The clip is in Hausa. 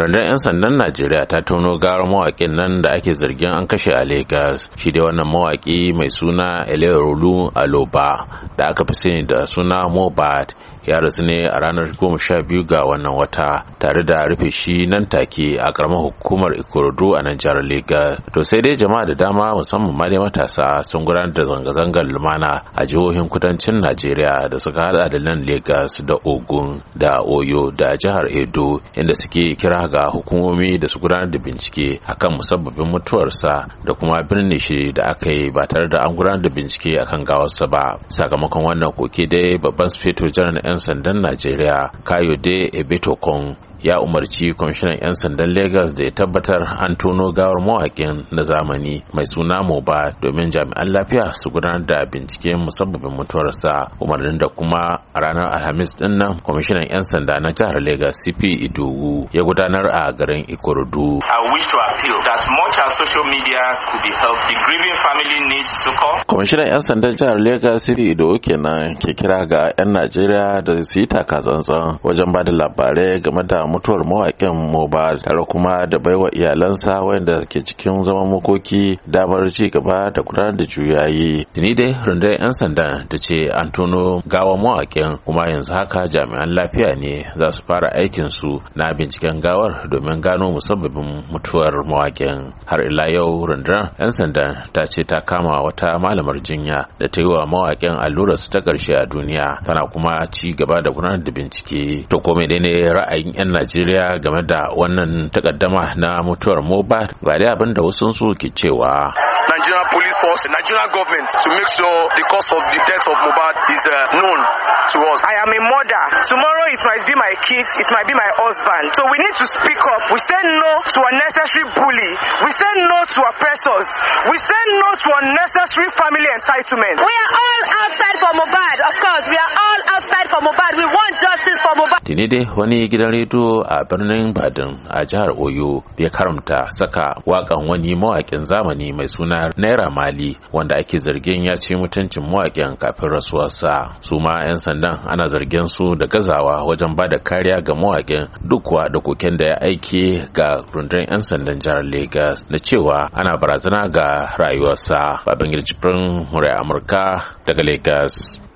rundunar 'yan sandan Najeriya ta tono gara mawaƙin nan da ake zargin an kashe a lagos Shi dai wannan mawaƙi mai suna Eleolu Aloba da aka fi sani da suna Mobad ya rasu ne a ranar 12 ga wannan wata tare da rufe shi nan take a karamar hukumar Ikorodu a nan jihar lagos. To sai dai jama'a da dama musamman ma dai matasa sun gudanar da zanga-zangar lumana a jihohin kudancin Najeriya da suka hada da nan lagos da Ogun da Oyo da jihar Edo inda suke kira ga hukumomi da su gudanar da bincike akan musabbabin mutuwarsa da kuma birne shi da aka yi ba tare da an gudanar da bincike akan gawarsa ba sakamakon wannan koke dai babban sufeto janar 'yan sandan najeriya kayode ebetokon ya umarci kwamishinan 'yan sandan lagos da ya tabbatar an tono gawar mawaƙin na zamani mai suna ba, domin jami'an lafiya su gudanar da binciken musabbabin mutuwarsa umarnin da kuma a ranar alhamis din nan kwamishinan 'yan sanda na jihar lagos cp idowu ya gudanar a garin ikorodu kwamishinan 'yan sandan jihar lagos cp idowu kenan ke kira ga 'yan najeriya da su yi taka tsantsan wajen ba da labarai game da mutuwar mawaƙin mobal tare kuma da baiwa iyalansa wayanda ke cikin zaman makoki damar ci gaba da gudanar da juyayi. Ni dai rundunar 'yan sanda ta ce an tono gawa mawaƙin kuma yanzu haka jami'an lafiya ne za su fara aikin su na binciken gawar domin gano musabbabin mutuwar mawaƙin. Har ila yau rundunar 'yan sanda ta ce ta kama wata malamar jinya da ta yi wa mawaƙin su ta ƙarshe a duniya tana kuma ci gaba da gudanar da bincike. To dai ne ra'ayin 'yan najeriya game da wannan takaddama na mutuwar moba ba dai abin da wasu su ke cewa Nigerian police force, Nigerian government to make sure the cause of the death of Mubad is uh, known to us. I am a mother. Tomorrow it might be my kids, it might be my husband. So we need to speak up. We say no to unnecessary bully. We say no to oppressors. We say no to unnecessary family entitlement. We are all outside for Mubad, of course. We tuni dai wani gidan rediyo a birnin badin a jihar oyo bai karamta saka wakan wani mawakin zamani mai suna naira mali wanda ake zargin ya ce mutuncin mawakin kafin rasuwarsa su ma 'yan sandan ana zargin su da gazawa wajen ba da kariya ga mawakin duk da koken da ya aiki ga rundunar 'yan sandan jihar Legas, na cewa ana barazana ga rayuwarsa babin murai amurka daga Legas.